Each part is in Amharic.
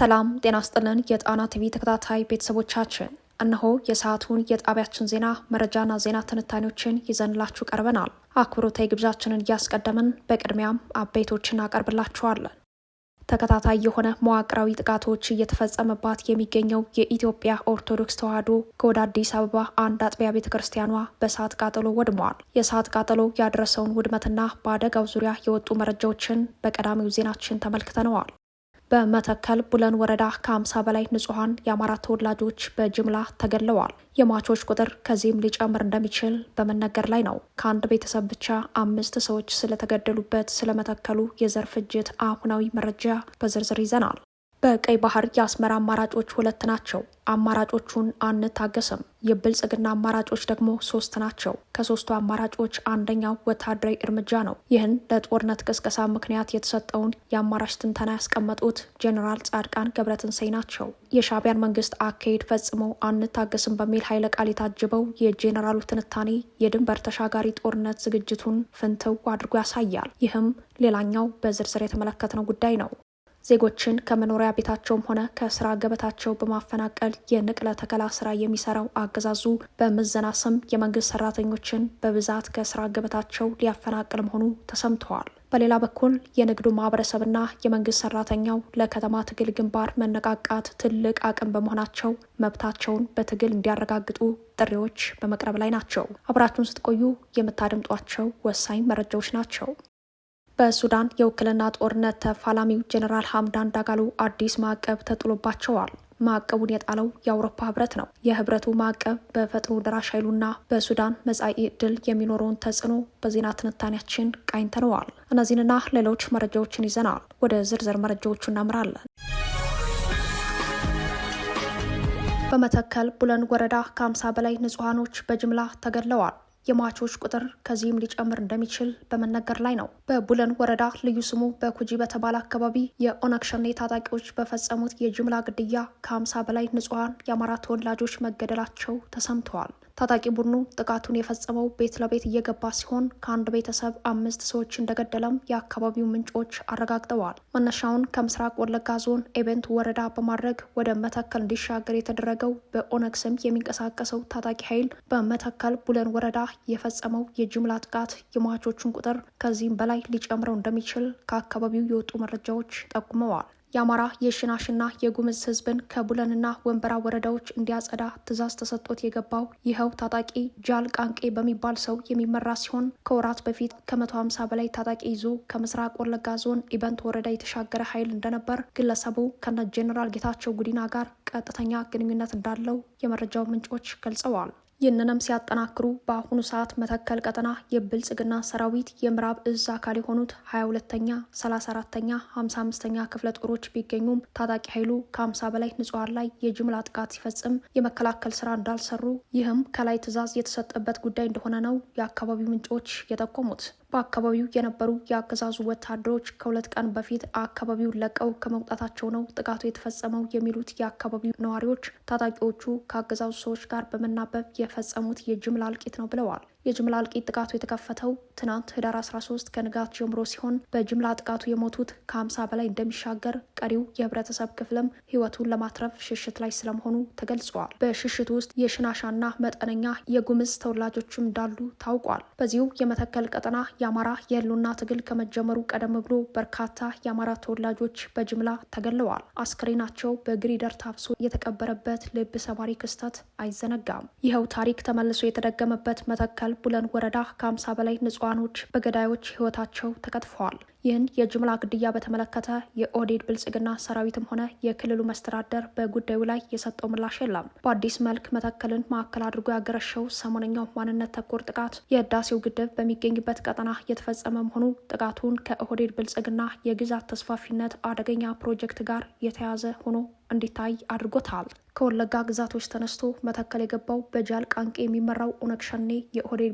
ሰላም ጤና ስጥልን። የጣና ቲቪ ተከታታይ ቤተሰቦቻችን እነሆ የሰዓቱን የጣቢያችን ዜና መረጃና ዜና ትንታኔዎችን ይዘንላችሁ ቀርበናል። አክብሮታዊ ግብዣችንን እያስቀደምን በቅድሚያም አበይቶችን እናቀርብላችኋለን። ተከታታይ የሆነ መዋቅራዊ ጥቃቶች እየተፈጸመባት የሚገኘው የኢትዮጵያ ኦርቶዶክስ ተዋሕዶ ከወደ አዲስ አበባ አንድ አጥቢያ ቤተ ክርስቲያኗ በእሳት ቃጠሎ ወድመዋል። የእሳት ቃጠሎ ያደረሰውን ውድመትና በአደጋው ዙሪያ የወጡ መረጃዎችን በቀዳሚው ዜናችን ተመልክተነዋል። በመተከል ቡለን ወረዳ ከ50 በላይ ንጹሐን የአማራ ተወላጆች በጅምላ ተገድለዋል። የሟቾች ቁጥር ከዚህም ሊጨምር እንደሚችል በመነገር ላይ ነው። ከአንድ ቤተሰብ ብቻ አምስት ሰዎች ስለተገደሉበት ስለመተከሉ የዘር ፍጅት አሁናዊ መረጃ በዝርዝር ይዘናል። በቀይ ባህር የአስመራ አማራጮች ሁለት ናቸው። አማራጮቹን አንታገስም። የብልጽግና አማራጮች ደግሞ ሶስት ናቸው። ከሶስቱ አማራጮች አንደኛው ወታደራዊ እርምጃ ነው። ይህን ለጦርነት ቅስቀሳ ምክንያት የተሰጠውን የአማራጭ ትንተና ያስቀመጡት ጄኔራል ጻድቃን ገብረትንሳኤ ናቸው። የሻቢያን መንግስት አካሄድ ፈጽሞ አንታገስም በሚል ኃይለ ቃል የታጀበው የጄኔራሉ ትንታኔ የድንበር ተሻጋሪ ጦርነት ዝግጅቱን ፍንትው አድርጎ ያሳያል። ይህም ሌላኛው በዝርዝር የተመለከትነው ጉዳይ ነው። ዜጎችን ከመኖሪያ ቤታቸውም ሆነ ከስራ ገበታቸው በማፈናቀል የንቅለ ተከላ ስራ የሚሰራው አገዛዙ በምዘና ስም የመንግስት ሰራተኞችን በብዛት ከስራ ገበታቸው ሊያፈናቅል መሆኑ ተሰምተዋል። በሌላ በኩል የንግዱ ማህበረሰብና የመንግስት ሰራተኛው ለከተማ ትግል ግንባር መነቃቃት ትልቅ አቅም በመሆናቸው መብታቸውን በትግል እንዲያረጋግጡ ጥሪዎች በመቅረብ ላይ ናቸው። አብራችሁን ስትቆዩ የምታደምጧቸው ወሳኝ መረጃዎች ናቸው። በሱዳን የውክልና ጦርነት ተፋላሚው ጀኔራል ሀምዳን ዳጋሎ አዲስ ማዕቀብ ተጥሎባቸዋል። ማዕቀቡን የጣለው የአውሮፓ ህብረት ነው። የህብረቱ ማዕቀብ በፈጥኖ ደራሽ ኃይሉና በሱዳን መጻኢ ዕድል የሚኖረውን ተጽዕኖ በዜና ትንታኔያችን ቃኝተነዋል። እነዚህንና ሌሎች መረጃዎችን ይዘናል። ወደ ዝርዝር መረጃዎቹ እናምራለን። በመተከል ቡለን ወረዳ ከ50 በላይ ንጹሐኖች በጅምላ ተገድለዋል። የሟቾች ቁጥር ከዚህም ሊጨምር እንደሚችል በመነገር ላይ ነው። በቡለን ወረዳ ልዩ ስሙ በኩጂ በተባለ አካባቢ የኦነግ ሸኔ ታጣቂዎች በፈጸሙት የጅምላ ግድያ ከ50 በላይ ንጹሐን የአማራ ተወላጆች መገደላቸው ተሰምተዋል። ታጣቂ ቡድኑ ጥቃቱን የፈጸመው ቤት ለቤት እየገባ ሲሆን ከአንድ ቤተሰብ አምስት ሰዎች እንደገደለም የአካባቢው ምንጮች አረጋግጠዋል። መነሻውን ከምስራቅ ወለጋ ዞን ኤቨንት ወረዳ በማድረግ ወደ መተከል እንዲሻገር የተደረገው በኦነግ ስም የሚንቀሳቀሰው ታጣቂ ኃይል በመተከል ቡለን ወረዳ የፈጸመው የጅምላ ጥቃት የሟቾቹን ቁጥር ከዚህም በላይ ሊጨምረው እንደሚችል ከአካባቢው የወጡ መረጃዎች ጠቁመዋል። የአማራ የሽናሽና የጉምዝ ህዝብን ከቡለንና ወንበራ ወረዳዎች እንዲያጸዳ ትዕዛዝ ተሰጥቶት የገባው ይኸው ታጣቂ ጃል ቃንቄ በሚባል ሰው የሚመራ ሲሆን ከወራት በፊት ከመቶ ሀምሳ በላይ ታጣቂ ይዞ ከምስራቅ ወለጋ ዞን ኢበንት ወረዳ የተሻገረ ኃይል እንደነበር ግለሰቡ ከነ ጄኔራል ጌታቸው ጉዲና ጋር ቀጥተኛ ግንኙነት እንዳለው የመረጃው ምንጮች ገልጸዋል። ይህንንም ሲያጠናክሩ በአሁኑ ሰዓት መተከል ቀጠና የብልጽግና ሰራዊት የምዕራብ እዝ አካል የሆኑት 22ተኛ፣ 34ተኛ፣ 55ተኛ ክፍለ ጦሮች ቢገኙም ታጣቂ ኃይሉ ከ50 በላይ ንጹሐን ላይ የጅምላ ጥቃት ሲፈጽም የመከላከል ስራ እንዳልሰሩ ይህም ከላይ ትዕዛዝ የተሰጠበት ጉዳይ እንደሆነ ነው የአካባቢው ምንጮች የጠቆሙት። በአካባቢው የነበሩ የአገዛዙ ወታደሮች ከሁለት ቀን በፊት አካባቢውን ለቀው ከመውጣታቸው ነው ጥቃቱ የተፈጸመው የሚሉት የአካባቢው ነዋሪዎች ታጣቂዎቹ ከአገዛዙ ሰዎች ጋር በመናበብ የፈጸሙት የጅምላ እልቂት ነው ብለዋል። የጅምላ አልቂት ጥቃቱ የተከፈተው ትናንት ህዳር 13 ከንጋት ጀምሮ ሲሆን በጅምላ ጥቃቱ የሞቱት ከ50 በላይ እንደሚሻገር ቀሪው የህብረተሰብ ክፍልም ህይወቱን ለማትረፍ ሽሽት ላይ ስለመሆኑ ተገልጿል። በሽሽቱ ውስጥ የሽናሻና መጠነኛ የጉምዝ ተወላጆችም እንዳሉ ታውቋል። በዚሁ የመተከል ቀጠና የአማራ የህልውና ትግል ከመጀመሩ ቀደም ብሎ በርካታ የአማራ ተወላጆች በጅምላ ተገለዋል። አስክሬናቸው በግሪደር ታፍሶ የተቀበረበት ልብ ሰባሪ ክስተት አይዘነጋም። ይኸው ታሪክ ተመልሶ የተደገመበት መተከል ሆስፒታል ቡለን ወረዳ ከ50 በላይ ንጹሐኖች በገዳዮች ህይወታቸው ተቀጥፈዋል። ይህን የጅምላ ግድያ በተመለከተ የኦዴድ ብልጽግና ሰራዊትም ሆነ የክልሉ መስተዳደር በጉዳዩ ላይ የሰጠው ምላሽ የለም። በአዲስ መልክ መተከልን ማዕከል አድርጎ ያገረሸው ሰሞነኛው ማንነት ተኮር ጥቃት የህዳሴው ግድብ በሚገኝበት ቀጠና የተፈጸመ መሆኑ ጥቃቱን ከኦዴድ ብልጽግና የግዛት ተስፋፊነት አደገኛ ፕሮጀክት ጋር የተያዘ ሆኖ እንዲታይ አድርጎታል። ከወለጋ ግዛቶች ተነስቶ መተከል የገባው በጃል ቃንቄ የሚመራው ኦነግ ሸኔ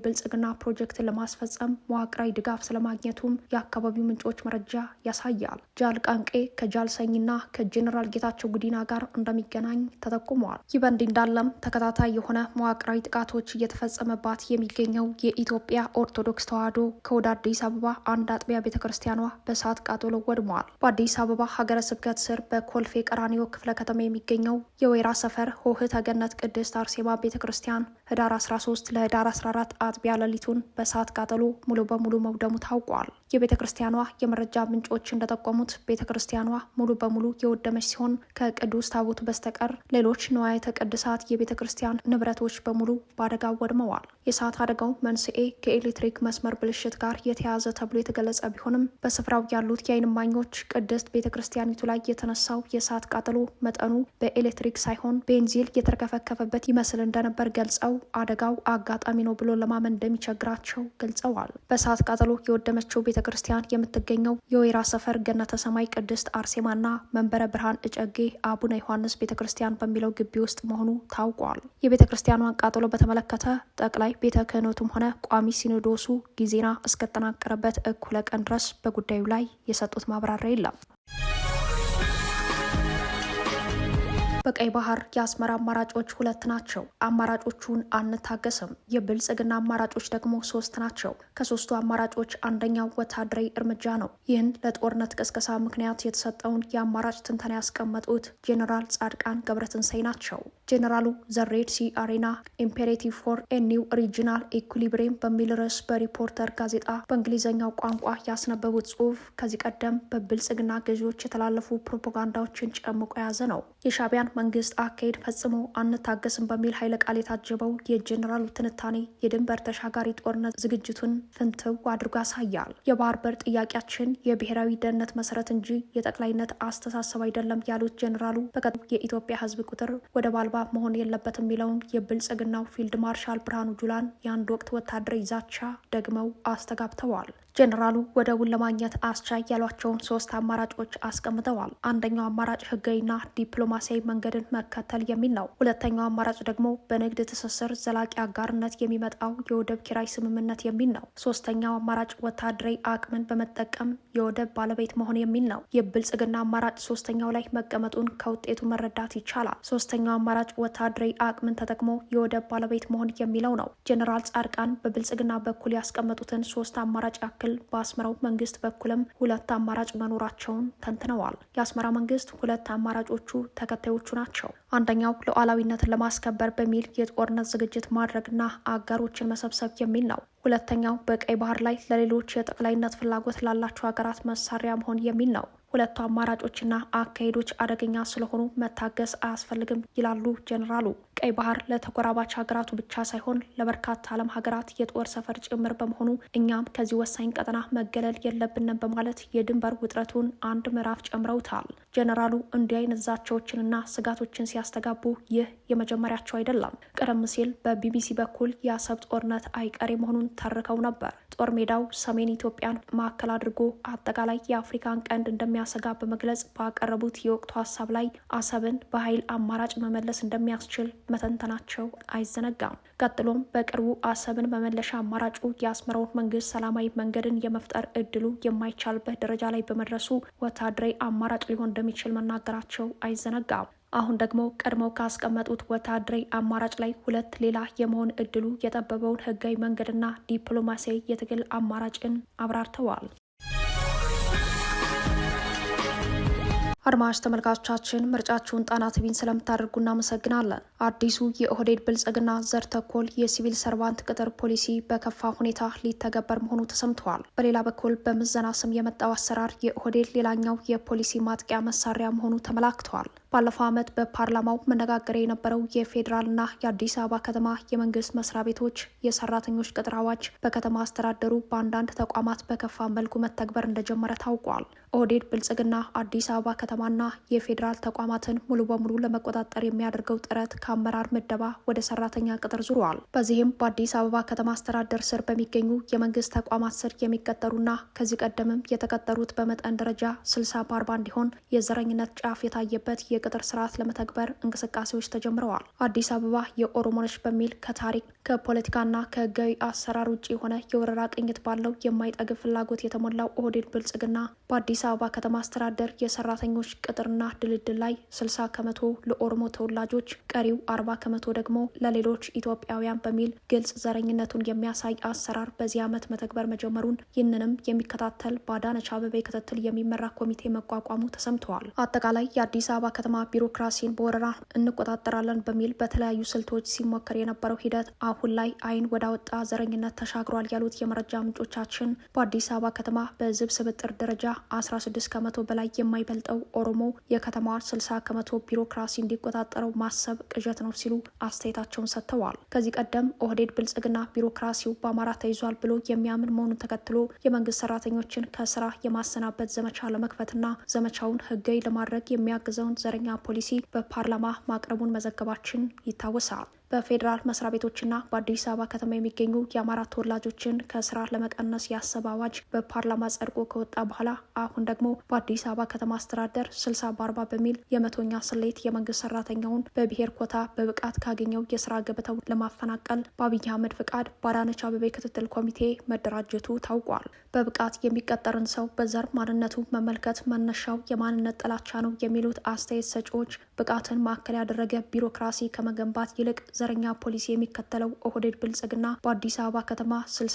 ብልጽግና ፕሮጀክት ለማስፈጸም መዋቅራዊ ድጋፍ ስለማግኘቱም የአካባቢው ምንጮች መረጃ ያሳያል። ጃል ቃንቄ ከጃልሰኝና ከጄኔራል ጌታቸው ጉዲና ጋር እንደሚገናኝ ተጠቁመዋል። ይህ በእንዲህ እንዳለም ተከታታይ የሆነ መዋቅራዊ ጥቃቶች እየተፈጸመባት የሚገኘው የኢትዮጵያ ኦርቶዶክስ ተዋሕዶ ከወደ አዲስ አበባ አንድ አጥቢያ ቤተ ክርስቲያኗ በእሳት ቃጠሎ ወድመዋል። በአዲስ አበባ ሀገረ ስብከት ስር በኮልፌ ቀራኒዮ ክፍለ ከተማ የሚገኘው የወይራ ሰፈር ሆህተ ገነት ቅድስት አርሴማ ቤተ ክርስቲያን ህዳር 13 ለህዳር 14 አጥቢያ ሌሊቱን በእሳት ቃጠሎ ሙሉ በሙሉ መውደሙ ታውቋል። የቤተ ክርስቲያኗ የመረጃ ምንጮች እንደጠቆሙት ቤተ ክርስቲያኗ ሙሉ በሙሉ የወደመች ሲሆን ከቅዱስ ታቦቱ በስተቀር ሌሎች ንዋየተ ቅድሳት የቤተ ክርስቲያን ንብረቶች በሙሉ በአደጋው ወድመዋል። የእሳት አደጋው መንስኤ ከኤሌክትሪክ መስመር ብልሽት ጋር የተያያዘ ተብሎ የተገለጸ ቢሆንም በስፍራው ያሉት የዓይን እማኞች ቅድስት ቤተ ክርስቲያኒቱ ላይ የተነሳው የእሳት ቃጠሎ መጠኑ በኤሌክትሪክ ሳይሆን ቤንዚል የተረከፈከፈበት ይመስል እንደነበር ገልጸው አደጋው አጋጣሚ ነው ብሎ ለማመን እንደሚቸግራቸው ገልጸዋል። በእሳት ቃጠሎ የወደመችው ቤተ ክርስቲያን የምትገኘው የወይራ ሰፈር ገነተ ሰማይ ቅድስት አርሴማና መንበረ ብርሃን እጨጌ አቡነ ዮሐንስ ቤተ ክርስቲያን በሚለው ግቢ ውስጥ መሆኑ ታውቋል። የቤተ ክርስቲያኗን ቃጠሎ በተመለከተ ጠቅላይ ቤተ ክህነቱም ሆነ ቋሚ ሲኖዶሱ ጊዜና እስከተጠናቀረበት እኩለ ቀን ድረስ በጉዳዩ ላይ የሰጡት ማብራሪያ የለም። በቀይ ባህር የአስመራ አማራጮች ሁለት ናቸው። አማራጮቹን አንታገስም። የብልጽግና አማራጮች ደግሞ ሶስት ናቸው። ከሶስቱ አማራጮች አንደኛው ወታደራዊ እርምጃ ነው። ይህን ለጦርነት ቅስቀሳ ምክንያት የተሰጠውን የአማራጭ ትንተና ያስቀመጡት ጄኔራል ጻድቃን ገብረትንሳይ ናቸው። ጄኔራሉ ዘሬድ ሲ አሬና ኢምፔሬቲቭ ፎር ኤኒው ሪጂናል ኢኩሊብሬም በሚል ርዕስ በሪፖርተር ጋዜጣ በእንግሊዝኛው ቋንቋ ያስነበቡት ጽሁፍ ከዚህ ቀደም በብልጽግና ገዢዎች የተላለፉ ፕሮፓጋንዳዎችን ጨምቆ የያዘ ነው። የሻቢያን መንግስት አካሄድ ፈጽሞ አንታገስም በሚል ኃይለ ቃል የታጀበው የጀኔራሉ ትንታኔ የድንበር ተሻጋሪ ጦርነት ዝግጅቱን ፍንትው አድርጎ ያሳያል። የባህር በር ጥያቄያችን የብሔራዊ ደህንነት መሰረት እንጂ የጠቅላይነት አስተሳሰብ አይደለም ያሉት ጄኔራሉ በቀጥ የኢትዮጵያ ህዝብ ቁጥር ወደ ባልባ መሆን የለበት የሚለውን የብልጽግናው ፊልድ ማርሻል ብርሃኑ ጁላን የአንድ ወቅት ወታደራዊ ዛቻ ደግመው አስተጋብተዋል። ጄኔራሉ ወደቡን ለማግኘት አስቻይ ያሏቸውን ሶስት አማራጮች አስቀምጠዋል። አንደኛው አማራጭ ህጋዊና ዲፕሎማሲያዊ መንገድን መከተል የሚል ነው። ሁለተኛው አማራጭ ደግሞ በንግድ ትስስር ዘላቂ አጋርነት የሚመጣው የወደብ ኪራይ ስምምነት የሚል ነው። ሶስተኛው አማራጭ ወታደራዊ አቅምን በመጠቀም የወደብ ባለቤት መሆን የሚል ነው። የብልጽግና አማራጭ ሶስተኛው ላይ መቀመጡን ከውጤቱ መረዳት ይቻላል። ሶስተኛው አማራጭ ወታደራዊ አቅምን ተጠቅሞ የወደብ ባለቤት መሆን የሚለው ነው። ጄኔራል ጻድቃን በብልጽግና በኩል ያስቀመጡትን ሶስት አማራጭ ያክል በመከላከል በአስመራው መንግስት በኩልም ሁለት አማራጭ መኖራቸውን ተንትነዋል። የአስመራ መንግስት ሁለት አማራጮቹ ተከታዮቹ ናቸው። አንደኛው ሉዓላዊነትን ለማስከበር በሚል የጦርነት ዝግጅት ማድረግና አጋሮችን መሰብሰብ የሚል ነው። ሁለተኛው በቀይ ባህር ላይ ለሌሎች የጠቅላይነት ፍላጎት ላላቸው ሀገራት መሳሪያ መሆን የሚል ነው። ሁለቱ አማራጮችና አካሄዶች አደገኛ ስለሆኑ መታገስ አያስፈልግም ይላሉ ጀኔራሉ። ቀይ ባህር ለተጎራባች ሀገራቱ ብቻ ሳይሆን ለበርካታ ዓለም ሀገራት የጦር ሰፈር ጭምር በመሆኑ እኛም ከዚህ ወሳኝ ቀጠና መገለል የለብንም በማለት የድንበር ውጥረቱን አንድ ምዕራፍ ጨምረውታል። ጀኔራሉ እንዲህ አይነት ዛቻዎችንና ስጋቶችን ሲያስተጋቡ ይህ የመጀመሪያቸው አይደለም። ቀደም ሲል በቢቢሲ በኩል የአሰብ ጦርነት አይቀሬ መሆኑን ተርከው ነበር። ጦር ሜዳው ሰሜን ኢትዮጵያን ማዕከል አድርጎ አጠቃላይ የአፍሪካን ቀንድ እንደሚያሰጋ በመግለጽ ባቀረቡት የወቅቱ ሀሳብ ላይ አሰብን በኃይል አማራጭ መመለስ እንደሚያስችል መተንተናቸው አይዘነጋም። ቀጥሎም በቅርቡ አሰብን መመለሻ አማራጩ የአስመራውን መንግስት ሰላማዊ መንገድን የመፍጠር እድሉ የማይቻልበት ደረጃ ላይ በመድረሱ ወታደራዊ አማራጭ ሊሆን እንደሚችል መናገራቸው አይዘነጋም። አሁን ደግሞ ቀድመው ካስቀመጡት ወታደራዊ አማራጭ ላይ ሁለት ሌላ የመሆን እድሉ የጠበበውን ህጋዊ መንገድና ዲፕሎማሲያዊ የትግል አማራጭን አብራርተዋል። አድማጭ ተመልካቾቻችን ምርጫችሁን ጣና ቲቪን ስለምታደርጉ እናመሰግናለን። አዲሱ የኦህዴድ ብልጽግና ዘር ተኮር የሲቪል ሰርቫንት ቅጥር ፖሊሲ በከፋ ሁኔታ ሊተገበር መሆኑ ተሰምተዋል። በሌላ በኩል በምዘና ስም የመጣው አሰራር የኦህዴድ ሌላኛው የፖሊሲ ማጥቂያ መሳሪያ መሆኑ ተመላክተዋል። ባለፈው ዓመት በፓርላማው መነጋገሪያ የነበረው የፌዴራልና የአዲስ አበባ ከተማ የመንግስት መስሪያ ቤቶች የሰራተኞች ቅጥር አዋጅ በከተማ አስተዳደሩ በአንዳንድ ተቋማት በከፋ መልኩ መተግበር እንደጀመረ ታውቋል። ኦህዴድ ብልጽግና አዲስ አበባ ከተማና የፌዴራል ተቋማትን ሙሉ በሙሉ ለመቆጣጠር የሚያደርገው ጥረት ከአመራር ምደባ ወደ ሰራተኛ ቅጥር ዙሯል። በዚህም በአዲስ አበባ ከተማ አስተዳደር ስር በሚገኙ የመንግስት ተቋማት ስር የሚቀጠሩና ከዚህ ቀደምም የተቀጠሩት በመጠን ደረጃ ስልሳ በአርባ እንዲሆን የዘረኝነት ጫፍ የታየበት የ የቅጥር ስርዓት ለመተግበር እንቅስቃሴዎች ተጀምረዋል። አዲስ አበባ የኦሮሞ ነች በሚል ከታሪክ ከፖለቲካና ከህጋዊ አሰራር ውጭ የሆነ የወረራ ቅኝት ባለው የማይጠግብ ፍላጎት የተሞላው ኦህዴድ ብልጽግና በአዲስ አበባ ከተማ አስተዳደር የሰራተኞች ቅጥርና ድልድል ላይ 60 ከመቶ ለኦሮሞ ተወላጆች፣ ቀሪው 40 ከመቶ ደግሞ ለሌሎች ኢትዮጵያውያን በሚል ግልጽ ዘረኝነቱን የሚያሳይ አሰራር በዚህ ዓመት መተግበር መጀመሩን ይህንንም የሚከታተል በአዳነች አበቤ ክትትል የሚመራ ኮሚቴ መቋቋሙ ተሰምተዋል። አጠቃላይ የአዲስ አበባ ከተማ ቢሮክራሲን በወረራ እንቆጣጠራለን በሚል በተለያዩ ስልቶች ሲሞከር የነበረው ሂደት አሁን ላይ አይን ወዳወጣ ዘረኝነት ተሻግሯል ያሉት የመረጃ ምንጮቻችን በአዲስ አበባ ከተማ በህዝብ ስብጥር ደረጃ 16 ከመቶ በላይ የማይበልጠው ኦሮሞ የከተማዋ 60 ከመቶ ቢሮክራሲ እንዲቆጣጠረው ማሰብ ቅዠት ነው ሲሉ አስተያየታቸውን ሰጥተዋል። ከዚህ ቀደም ኦህዴድ ብልጽግና ቢሮክራሲው በአማራ ተይዟል ብሎ የሚያምን መሆኑን ተከትሎ የመንግስት ሰራተኞችን ከስራ የማሰናበት ዘመቻ ለመክፈትና ዘመቻውን ህጋዊ ለማድረግ የሚያግዘውን ዘረ ማስፈራሪያ ፖሊሲ በፓርላማ ማቅረቡን መዘገባችን ይታወሳል። በፌዴራል መስሪያ ቤቶችና በአዲስ አበባ ከተማ የሚገኙ የአማራ ተወላጆችን ከስራ ለመቀነስ ያሰበ አዋጅ በፓርላማ ጸድቆ ከወጣ በኋላ አሁን ደግሞ በአዲስ አበባ ከተማ አስተዳደር ስልሳ በአርባ በሚል የመቶኛ ስሌት የመንግስት ሰራተኛውን በብሔር ኮታ በብቃት ካገኘው የስራ ገበታው ለማፈናቀል በአብይ አህመድ ፍቃድ በአዳነች አበቤ ክትትል ኮሚቴ መደራጀቱ ታውቋል። በብቃት የሚቀጠርን ሰው በዘር ማንነቱ መመልከት መነሻው የማንነት ጥላቻ ነው የሚሉት አስተያየት ሰጪዎች ብቃትን ማዕከል ያደረገ ቢሮክራሲ ከመገንባት ይልቅ ዘረኛ ፖሊሲ የሚከተለው ኦህዴድ ብልጽግና በአዲስ አበባ ከተማ ስልሳ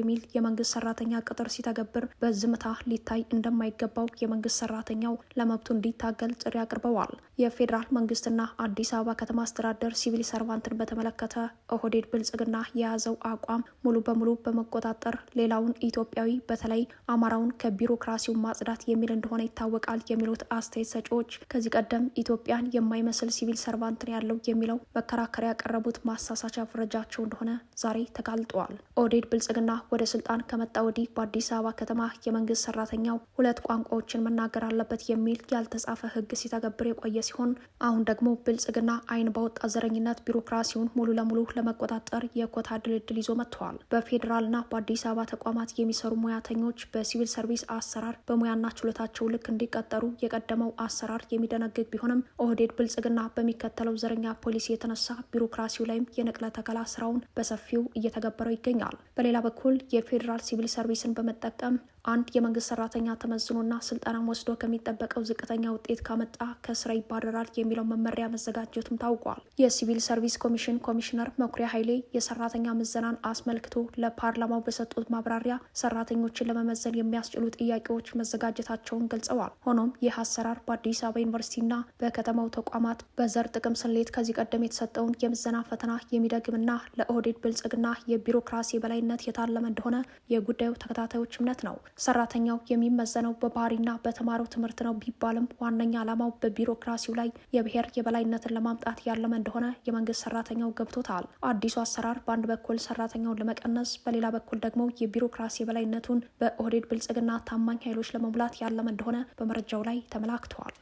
የሚል የመንግስት ሰራተኛ ቅጥር ሲተገብር በዝምታ ሊታይ እንደማይገባው የመንግስት ሰራተኛው ለመብቱ እንዲታገል ጥሪ አቅርበዋል። የፌዴራል መንግስትና አዲስ አበባ ከተማ አስተዳደር ሲቪል ሰርቫንትን በተመለከተ ኦህዴድ ብልጽግና የያዘው አቋም ሙሉ በሙሉ በመቆጣጠር ሌላውን ኢትዮጵያዊ በተለይ አማራውን ከቢሮክራሲው ማጽዳት የሚል እንደሆነ ይታወቃል የሚሉት አስተያየት ሰጪዎች ከዚህ ቀደም ኢትዮጵያ ኢራን የማይመስል ሲቪል ሰርቫንት ነው ያለው የሚለው መከራከሪያ ያቀረቡት ማሳሳቻ ፍረጃቸው እንደሆነ ዛሬ ተጋልጠዋል። ኦዴድ ብልጽግና ወደ ስልጣን ከመጣ ወዲህ በአዲስ አበባ ከተማ የመንግስት ሰራተኛው ሁለት ቋንቋዎችን መናገር አለበት የሚል ያልተጻፈ ህግ ሲተገብር የቆየ ሲሆን አሁን ደግሞ ብልጽግና አይን ባወጣ ዘረኝነት ቢሮክራሲውን ሙሉ ለሙሉ ለመቆጣጠር የኮታ ድልድል ይዞ መጥተዋል። በፌዴራልና በአዲስ አበባ ተቋማት የሚሰሩ ሙያተኞች በሲቪል ሰርቪስ አሰራር በሙያና ችሎታቸው ልክ እንዲቀጠሩ የቀደመው አሰራር የሚደነግግ ቢሆንም ኦህዴድ ብልጽግና በሚከተለው ዘረኛ ፖሊሲ የተነሳ ቢሮክራሲው ላይም የንቅለ ተከላ ስራውን በሰፊው እየተገበረው ይገኛል። በሌላ በኩል የፌዴራል ሲቪል ሰርቪስን በመጠቀም አንድ የመንግስት ሰራተኛ ተመዝኖና ስልጠናም ወስዶ ከሚጠበቀው ዝቅተኛ ውጤት ካመጣ ከስራ ይባረራል የሚለው መመሪያ መዘጋጀቱም ታውቋል። የሲቪል ሰርቪስ ኮሚሽን ኮሚሽነር መኩሪያ ኃይሌ የሰራተኛ ምዘናን አስመልክቶ ለፓርላማው በሰጡት ማብራሪያ ሰራተኞችን ለመመዘን የሚያስችሉ ጥያቄዎች መዘጋጀታቸውን ገልጸዋል። ሆኖም ይህ አሰራር በአዲስ አበባ ዩኒቨርሲቲና በከተማው ተቋማት በዘር ጥቅም ስሌት ከዚህ ቀደም የተሰጠውን የምዘና ፈተና የሚደግምና ለኦህዴድ ብልጽግና የቢሮክራሲ በላይነት የታለመ እንደሆነ የጉዳዩ ተከታታዮች እምነት ነው። ሰራተኛው የሚመዘነው በባህሪና በተማረው ትምህርት ነው ቢባልም ዋነኛ ዓላማው በቢሮክራሲው ላይ የብሔር የበላይነትን ለማምጣት ያለመ እንደሆነ የመንግስት ሰራተኛው ገብቶታል። አዲሱ አሰራር በአንድ በኩል ሰራተኛውን ለመቀነስ፣ በሌላ በኩል ደግሞ የቢሮክራሲ የበላይነቱን በኦህዴድ ብልጽግና ታማኝ ኃይሎች ለመሙላት ያለመ እንደሆነ በመረጃው ላይ ተመላክተዋል።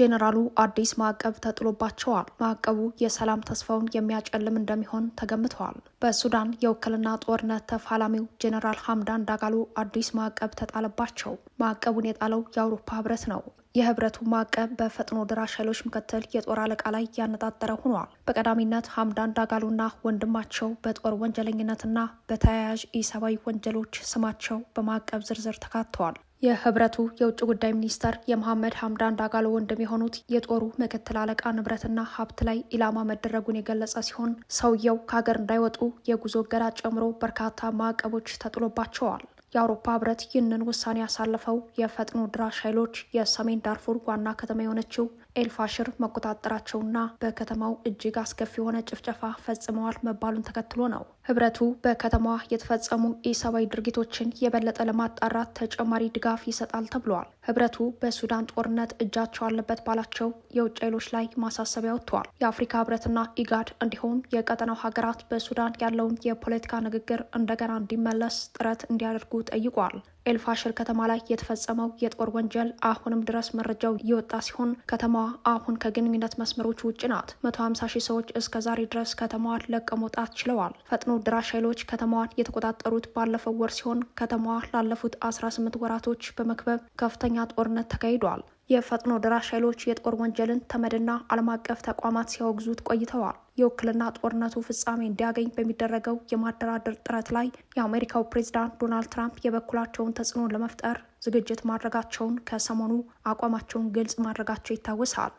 ጄኔራሉ አዲስ ማዕቀብ ተጥሎባቸዋል። ማዕቀቡ የሰላም ተስፋውን የሚያጨልም እንደሚሆን ተገምተዋል። በሱዳን የውክልና ጦርነት ተፋላሚው ጄኔራል ሀምዳን ዳጋሎ አዲስ ማዕቀብ ተጣለባቸው። ማዕቀቡን የጣለው የአውሮፓ ህብረት ነው። የህብረቱ ማዕቀብ በፈጥኖ ደራሽ ኃይሎች ምክትል የጦር አለቃ ላይ ያነጣጠረ ሆኗል። በቀዳሚነት ሀምዳን ዳጋሎና ወንድማቸው በጦር ወንጀለኝነትና በተያያዥ ኢሰብአዊ ወንጀሎች ስማቸው በማዕቀብ ዝርዝር ተካተዋል። የህብረቱ የውጭ ጉዳይ ሚኒስተር የመሐመድ ሀምዳን ዳጋሎ ወንድም የሆኑት የጦሩ ምክትል አለቃ ንብረትና ሀብት ላይ ኢላማ መደረጉን የገለጸ ሲሆን ሰውየው ከሀገር እንዳይወጡ የጉዞ እገዳ ጨምሮ በርካታ ማዕቀቦች ተጥሎባቸዋል። የአውሮፓ ህብረት ይህንን ውሳኔ ያሳለፈው የፈጥኖ ድራሽ ኃይሎች የሰሜን ዳርፉር ዋና ከተማ የሆነችው ኤልፋሽር መቆጣጠራቸውና በከተማው እጅግ አስከፊ የሆነ ጭፍጨፋ ፈጽመዋል መባሉን ተከትሎ ነው። ህብረቱ በከተማዋ የተፈጸሙ ኢሰብአዊ ድርጊቶችን የበለጠ ለማጣራት ተጨማሪ ድጋፍ ይሰጣል ተብሏል። ህብረቱ በሱዳን ጦርነት እጃቸው አለበት ባላቸው የውጭ ኃይሎች ላይ ማሳሰቢያ ወጥተዋል። የአፍሪካ ህብረትና ኢጋድ እንዲሁም የቀጠናው ሀገራት በሱዳን ያለውን የፖለቲካ ንግግር እንደገና እንዲመለስ ጥረት እንዲያደርጉ ጠይቋል። ኤልፋሽር ከተማ ላይ የተፈጸመው የጦር ወንጀል አሁንም ድረስ መረጃው እየወጣ ሲሆን ከተማዋ አሁን ከግንኙነት መስመሮች ውጭ ናት። መቶ ሀምሳ ሺህ ሰዎች እስከ ዛሬ ድረስ ከተማዋን ለቀው መውጣት ችለዋል። ፈጥኖ ድራሽ ኃይሎች ከተማዋን የተቆጣጠሩት ባለፈው ወር ሲሆን ከተማዋ ላለፉት አስራ ስምንት ወራቶች በመክበብ ከፍተኛ ጦርነት ተካሂዷል። የፈጥኖ ደራሽ ኃይሎች የጦር ወንጀልን ተመድና ዓለም አቀፍ ተቋማት ሲያወግዙት ቆይተዋል። የውክልና ጦርነቱ ፍጻሜ እንዲያገኝ በሚደረገው የማደራደር ጥረት ላይ የአሜሪካው ፕሬዚዳንት ዶናልድ ትራምፕ የበኩላቸውን ተጽዕኖ ለመፍጠር ዝግጅት ማድረጋቸውን ከሰሞኑ አቋማቸውን ግልጽ ማድረጋቸው ይታወሳል።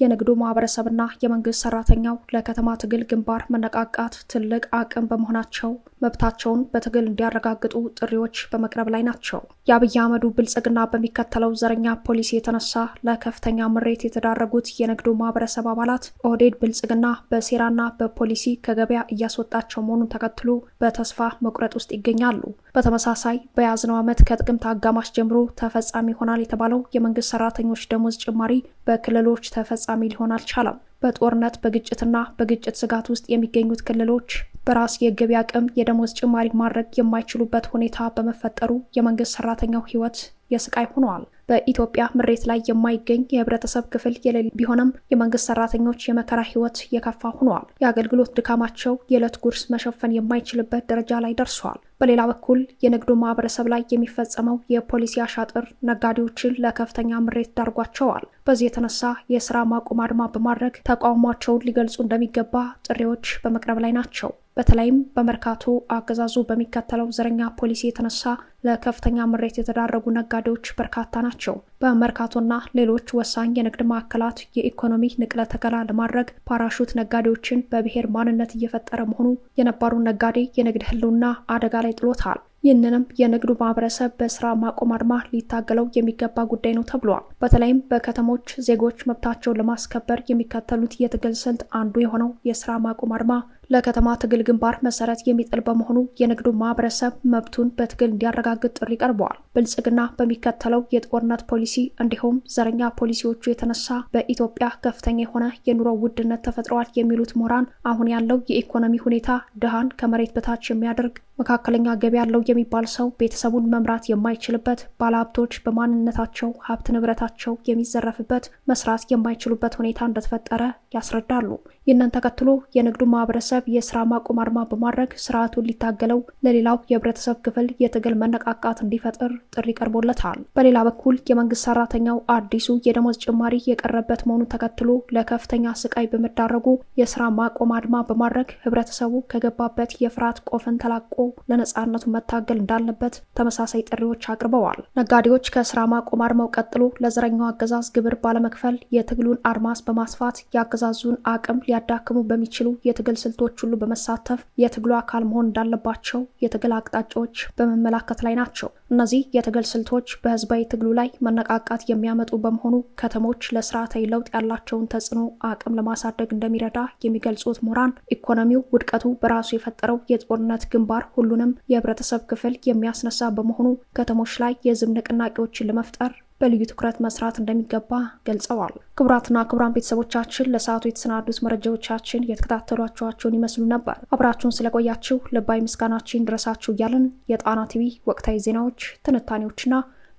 የንግዱ ማህበረሰብና የመንግስት ሰራተኛው ለከተማ ትግል ግንባር መነቃቃት ትልቅ አቅም በመሆናቸው መብታቸውን በትግል እንዲያረጋግጡ ጥሪዎች በመቅረብ ላይ ናቸው። የአብይ አህመዱ ብልጽግና በሚከተለው ዘረኛ ፖሊሲ የተነሳ ለከፍተኛ ምሬት የተዳረጉት የንግዱ ማህበረሰብ አባላት ኦህዴድ ብልጽግና በሴራና በፖሊሲ ከገበያ እያስወጣቸው መሆኑን ተከትሎ በተስፋ መቁረጥ ውስጥ ይገኛሉ። በተመሳሳይ በያዝነው ዓመት ከጥቅምት አጋማሽ ጀምሮ ተፈጻሚ ይሆናል የተባለው የመንግስት ሰራተኞች ደሞዝ ጭማሪ በክልሎች ተፈጻሚ ሊሆን አልቻለም። በጦርነት በግጭትና በግጭት ስጋት ውስጥ የሚገኙት ክልሎች በራስ የገቢ አቅም የደሞዝ ጭማሪ ማድረግ የማይችሉበት ሁኔታ በመፈጠሩ የመንግስት ሰራተኛው ህይወት የስቃይ ሆኗል። በኢትዮጵያ ምሬት ላይ የማይገኝ የህብረተሰብ ክፍል የሌለ ቢሆንም የመንግስት ሰራተኞች የመከራ ህይወት እየከፋ ሆነዋል። የአገልግሎት ድካማቸው የዕለት ጉርስ መሸፈን የማይችልበት ደረጃ ላይ ደርሷል። በሌላ በኩል የንግዱ ማህበረሰብ ላይ የሚፈጸመው የፖሊሲ አሻጥር ነጋዴዎችን ለከፍተኛ ምሬት ዳርጓቸዋል። በዚህ የተነሳ የስራ ማቆም አድማ በማድረግ ተቃውሟቸውን ሊገልጹ እንደሚገባ ጥሪዎች በመቅረብ ላይ ናቸው። በተለይም በመርካቶ አገዛዙ በሚከተለው ዘረኛ ፖሊሲ የተነሳ ለከፍተኛ ምሬት የተዳረጉ ነጋዴዎች በርካታ ናቸው። በመርካቶና ሌሎች ወሳኝ የንግድ ማዕከላት የኢኮኖሚ ንቅለ ተከላ ለማድረግ ፓራሹት ነጋዴዎችን በብሔር ማንነት እየፈጠረ መሆኑ የነባሩ ነጋዴ የንግድ ህልውና አደጋ ላይ ጥሎታል። ይህንንም የንግዱ ማህበረሰብ በስራ ማቆም አድማ ሊታገለው የሚገባ ጉዳይ ነው ተብሏል። በተለይም በከተሞች ዜጎች መብታቸውን ለማስከበር የሚከተሉት የትግል ስልት አንዱ የሆነው የስራ ማቆም አድማ ለከተማ ትግል ግንባር መሰረት የሚጥል በመሆኑ የንግዱ ማህበረሰብ መብቱን በትግል እንዲያረጋግጥ ጥሪ ቀርበዋል። ብልጽግና በሚከተለው የጦርነት ፖሊሲ እንዲሁም ዘረኛ ፖሊሲዎቹ የተነሳ በኢትዮጵያ ከፍተኛ የሆነ የኑሮ ውድነት ተፈጥረዋል የሚሉት ምሁራን አሁን ያለው የኢኮኖሚ ሁኔታ ድሃን ከመሬት በታች የሚያደርግ መካከለኛ ገቢ ያለው የሚባል ሰው ቤተሰቡን መምራት የማይችልበት፣ ባለሀብቶች በማንነታቸው ሀብት ንብረታቸው የሚዘረፍበት፣ መስራት የማይችሉበት ሁኔታ እንደተፈጠረ ያስረዳሉ። ይህንን ተከትሎ የንግዱ ማህበረሰብ የስራ ማቆም አድማ በማድረግ ስርዓቱን ሊታገለው ለሌላው የህብረተሰብ ክፍል የትግል መነቃቃት እንዲፈጥር ጥሪ ቀርቦለታል። በሌላ በኩል የመንግስት ሰራተኛው አዲሱ የደሞዝ ጭማሪ የቀረበት መሆኑን ተከትሎ ለከፍተኛ ስቃይ በመዳረጉ የስራ ማቆም አድማ በማድረግ ህብረተሰቡ ከገባበት የፍርሃት ቆፈን ተላቆ ለነፃነቱ መታገል እንዳለበት ተመሳሳይ ጥሪዎች አቅርበዋል። ነጋዴዎች ከስራ ማቆም አድማው ቀጥሎ ለዘረኛው አገዛዝ ግብር ባለመክፈል የትግሉን አድማስ በማስፋት የአገዛዙን አቅም ሊያዳክሙ በሚችሉ የትግል ስልቶች ሁሉ በመሳተፍ የትግሉ አካል መሆን እንዳለባቸው የትግል አቅጣጫዎች በመመላከት ላይ ናቸው። እነዚህ የትግል ስልቶች በህዝባዊ ትግሉ ላይ መነቃቃት የሚያመጡ በመሆኑ ከተሞች ለስርዓታዊ ለውጥ ያላቸውን ተጽዕኖ አቅም ለማሳደግ እንደሚረዳ የሚገልጹት ምሁራን ኢኮኖሚው ውድቀቱ በራሱ የፈጠረው የጦርነት ግንባር ሁሉንም የህብረተሰብ ክፍል የሚያስነሳ በመሆኑ ከተሞች ላይ የህዝብ ንቅናቄዎችን ለመፍጠር በልዩ ትኩረት መስራት እንደሚገባ ገልጸዋል። ክቡራትና ክቡራን ቤተሰቦቻችን ለሰዓቱ የተሰናዱት መረጃዎቻችን የተከታተሏቸኋቸውን ይመስሉ ነበር። አብራችሁን ስለቆያችሁ ልባዊ ምስጋናችን ድረሳችሁ እያለን። የጣና ቲቪ ወቅታዊ ዜናዎች፣ ትንታኔዎችና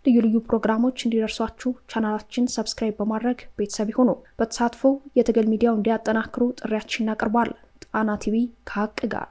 ልዩ ልዩ ፕሮግራሞች እንዲደርሷችሁ ቻናላችን ሰብስክራይብ በማድረግ ቤተሰብ ይሁኑ። በተሳትፎ የትግል ሚዲያው እንዲያጠናክሩ ጥሪያችን እናቀርባለን። ጣና ቲቪ ከሀቅ ጋር